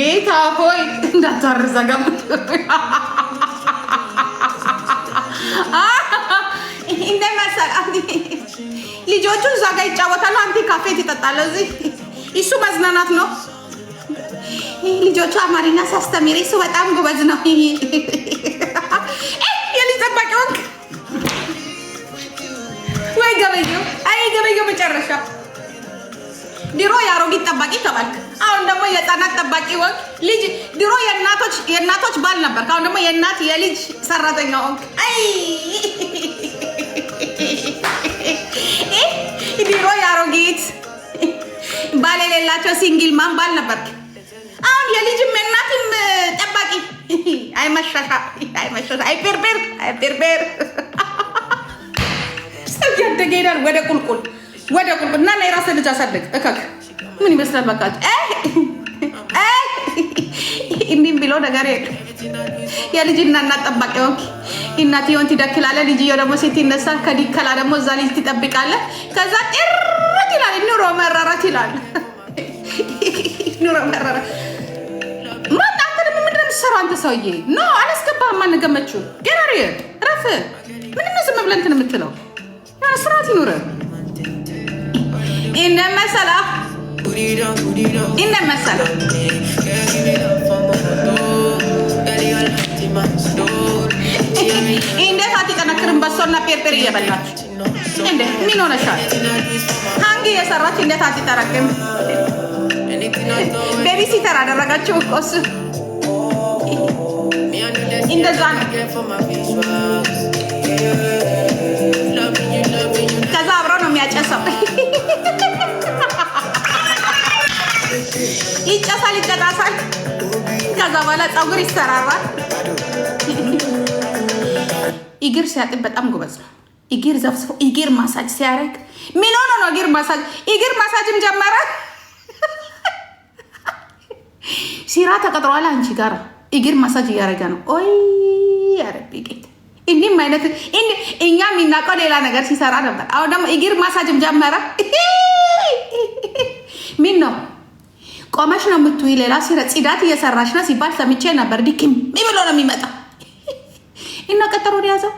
ጌታ ሆይ እንዳታርዘጋ ልጆቹ እዛ ጋ ይጫወታሉ። አንተ ካፌ ትጠጣለ። እዚህ እሱ መዝናናት ነው። ልጆቹ አማርኛ ሳስተምር እሱ በጣም ጎበዝ ነው። የልጅ ጠባቂውን ወይ ገበየው፣ አይ ገበየው መጨረሻ ድሮ የአሮጊት ጠባቂ ተባልክ። አሁን ደግሞ የህፃናት ጠባቂ ወግ ልጅ ድሮ የእናቶች የእናቶች ባል ነበር። አሁን ደግሞ የእናት የልጅ ሰራተኛ ወግ። አይ ድሮ የአሮጊት ባል የሌላቸው ሲንግል ማን ባል ነበር። አሁን የልጅም የእናትም ጠባቂ። አይ መሻሻ፣ አይ መሻሻ፣ ሰው ያደገ ይሄዳል ወደ ቁልቁል ወደ ቁልቁል እና የራስ ልጅ አሳደግ እከክ ምን ይመስላል? በቃ እንዲህም ብሎ ነገር የለም። የልጅ እና እናት ጠባቂ ሆንክ። እናትየውን ትደክላለህ። ልጅየው ደግሞ ሴት ይነሳ ከዲከላ ደግሞ እዛ ልጅ ትጠብቃለህ። ከዛ ጥርት ይላል። ኑሮ መረረት ይላል። ኑሮ መረረት ማጣት አንተ ሰውዬ? ኖ አላስገባህም። አንገመችው ገራሪ ረፍ ምንድን ነው ዝም ብለህ እንትን የምትለው ስርዓት ይኑርህ። ይነመሰላ እንዴት አትጠነክርም? በሶና ፔፐር እየበላችሁ እንዴ ምን ሆነሻል? ሀንግ እየሰራች እንዴት አትጠረቅም? ቤቢ ሲተር አደረጋችሁ እኮ እሱ እንደዛ ነው። ከዛ አብረው ነው የሚያጨሰው ይለብሳል። ከዛ በኋላ ፀጉር ይሰራራል። እግር ሲያጥብ በጣም ጎበዝ ነው። እግር ዘፍስፎ እግር ማሳጅ ሲያደርግ ምን ሆኖ ነው? እግር ማሳጅ እግር ማሳጅም ጀመረ። ሲራ ተቀጥሯል። አንቺ ጋር እግር ማሳጅ እያደረገ ነው። ኦይ ያረቢ ጌት እንዲህ አይነት እኛ የሚናቀው ሌላ ነገር ሲሰራ ነበር። አሁን ደግሞ እግር ማሳጅም ጀመረ። ቆመሽ ነው የምትውይ። ሌላ ጽዳት እየሰራሽ ነው ሲባል ሰምቼ ነበር። ዲኪም ብሎ ነው የሚመጣ እና ቀጠሮን ያዘው።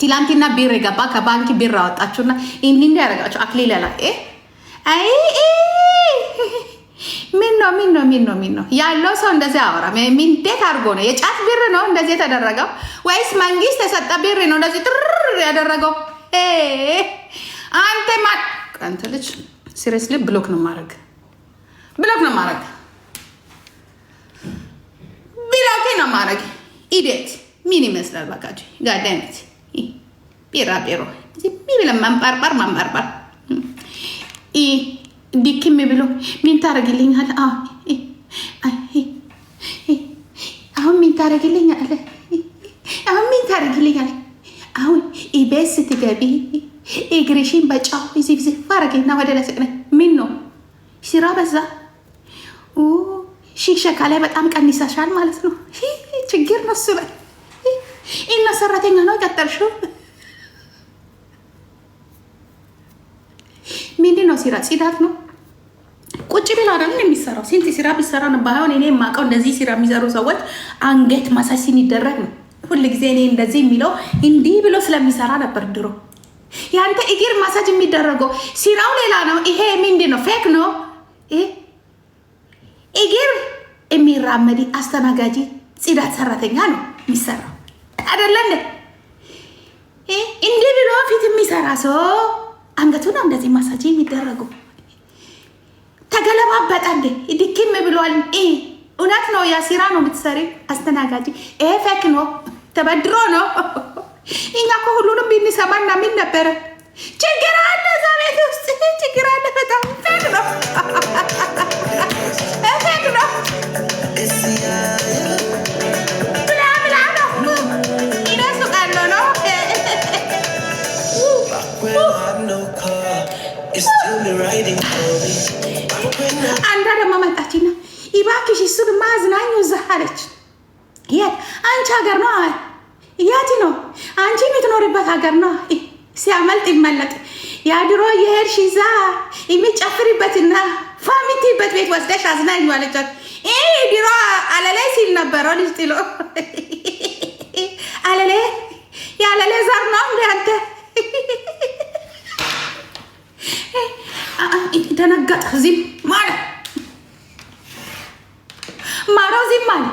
ትላንትና ቢር የገባ ከባንክ ቢር አወጣችሁና እንዲህ ያደረጋችሁ አክሊል ያላ ምን ነው ምን ነው ምን ነው ምን ነው ያለው ሰው እንደዚህ አወራ። እንዴት አድርጎ ነው የጫት ቢር ነው እንደዚህ የተደረገው ወይስ መንግስት የሰጠ ቢር ነው እንደዚህ ጥር ያደረገው? አንተ ማ አንተ ልጅ ሲሪየስሊ ብሎክ ነው ማድረግ ብሎክ ነው ማረግ ብሎክ ነው ማረግ። ኢዴት ምን ይመስላል? ባካችሁ ጋዳሚት ጴራ ጴሮ ዝም ብለን ማንባርባር ማንባርባር ዲክም ብሎ ምን ታረግልኛል? አሁን ምን ታረግልኛል? አሁን ምን ታረግልኛል? አሁን ኢቤስ ስትገቢ እግርሽን በጫው ዝብዝብ ፋረገና ወደ ለስቅነ ምን ነው ስራ በዛ ሺክሸካ ላይ በጣም ቀንሰሻል ማለት ነው። ችግር ነው እሱ በል እና ሰራተኛ ነው የቀጠርሽው። ምንድን ነው ስራ? ጽዳት ነው። ቁጭ ብላ አይደለም የሚሰራው። ስንት ስራ ቢሰራ ነው ባይሆን፣ እኔ የማውቀው እንደዚህ ስራ የሚሰሩ ሰዎች አንገት ማሳጅ ሲደረግ ነው ሁል ጊዜ። እኔ እንደዚህ የሚለው እንዲህ ብሎ ስለሚሰራ ነበር ድሮ። ያንተ እግር ማሳጅ የሚደረገው ሲራው ሌላ ነው። ይሄ ምንድን ነው? ፌክ ነው። እግር የሚራመድ አስተናጋጅ ጽዳት ሰራተኛ ነው የሚሰራው አይደለ እንዴ? እንዲህ ብሎ ፊት የሚሰራ ሰው አንገቱ ነው እንደዚህ ማሳጅ የሚደረገው። ተገለባበጣ እንዴ ድክም ብሏል። እውነት ነው፣ ያ ነው የምትሰሪ አስተናጋጂ። ይሄ ነው፣ ተበድሮ ነው። እኛ እኮ ብንሰማ እና ምን ነበረ ችግር አለ እዛ ቤት ውስጥ ችግር አለ አንዷ ደግሞ መጣችና ይባክሽ እሱ ድማ አዝናኙ እዛ አለች። የት አንቺ ሀገር ነው ያቲ ነው አንቺ የምትኖርበት ሀገር ነው። ሲያመልጥ ይመለጥ ያድሮ የሄድሽ እዛ የሚጨፍሪበትና ፋሚቲበት ቤት ወስደሽ አዝናኙ አለቻት። ይህ ድሮ አለላይ ሲል ነበረው ልጅ ጥሎ አለሌ የአለሌ ዘር ነው እንደ አንተ ደነገጠ። ዚም ማረ ማረው ዚም አለ።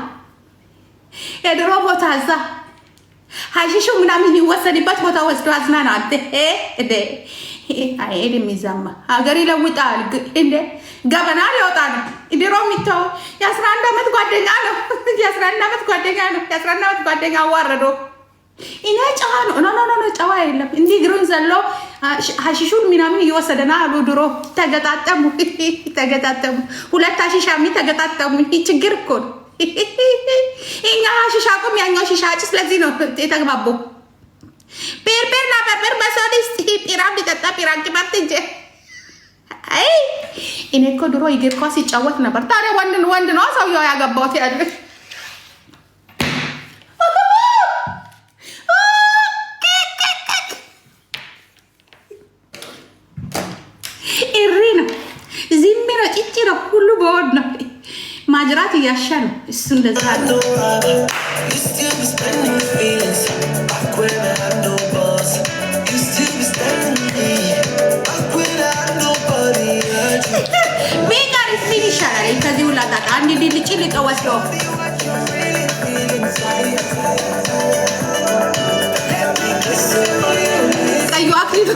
የድሮ ቦታ እዛ ሀሺሹ ምናምን ይወሰድበት ቦታ ወስዶ አዝና ነው አንተ ሄድ የሚዛማ ሀገር ይለውጣል። እንደ ገበና ሊወጣ ነው። ድሮ የሚተው የአስራ አንድ ዓመት ጓደኛ ነው። የአስራ አንድ ዓመት ጓደኛ ነው። የአስራ አንድ ዓመት ጓደኛ አዋረዶ እኔ ጨዋ ነው። ኖ ኖ ኖ ጨዋ የለም። እንዲህ እግሩን ዘሎ ሀሺሹን ምናምን እየወሰደና አሉ ድሮ ተገጣጠሙ፣ ተገጣጠሙ ሁለት ሀሺሻሚ ተገጣጠሙ። ችግር እኮ ነው። እኛ ሀሺሻ ቁም፣ ያኛው ሺሻ ጭ። ስለዚህ ነው የተግባቡ ፔርፔርና ፐርፐር መሶዲስ ጢራም ሊጠጣ ጢራንቂ መርት እንጂ እኔ እኮ ድሮ እግር ኳስ ሲጫወት ነበር። ታዲያ ወንድ ወንድ ነው ሰውየው ያገባሁት ያለሽ ጥሪ ነው፣ ዝም ነው፣ ጭጭ ነው፣ ሁሉ በወድ ነው። ማጅራት እያሻ ነው እሱ እንደዛ ምን ይሻላል ከዚህ ሁላ ጣጣ? አንድ ድልጭ ልቀወስለው ጸዩ አክሊሉ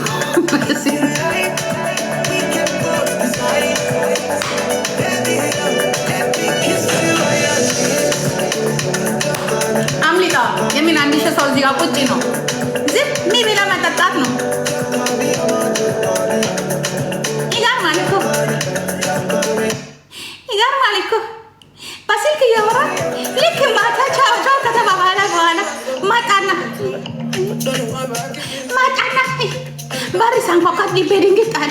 ሳንኳኳት ልቤ ደንግጧል።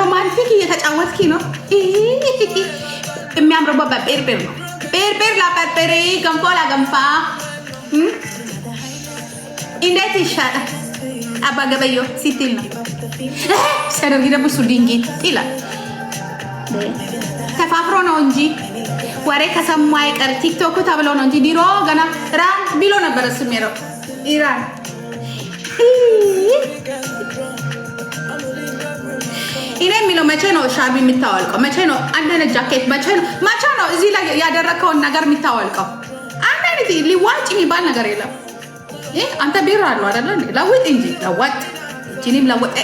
ሮማንቲክ እየተጫወትኪ ነው። የሚያምርበት በጴርጴር ነው። ጴርጴር ላጴርጴር፣ ገንፎ ላገንፋ እንዴት ይሻላል? አባ ገበዮ ሲትል ነው ሰደርጊ ደግሞ እሱ ድንጊት ይላል። ተፋፍሮ ነው እንጂ ወሬ ከሰማ አይቀር ቲክቶክ ተብሎ ነው እንጂ ድሮ ገና ራን ቢሎ ነበረ ስሜረው ኢራን እኔ የሚለው መቼ ነው ሻቢ የምታወልቀው? መቼ ነው አንድ ጃኬት? መቼ ነው መቼ ነው እዚህ ላይ ያደረከውን ነገር የምታወልቀው? አንድ ሊዋጭ የሚባል ነገር የለም። አንተ ቢራ አለው አይደለ? ለውጥ እንጂ ለወጥ እችንም ለወጥ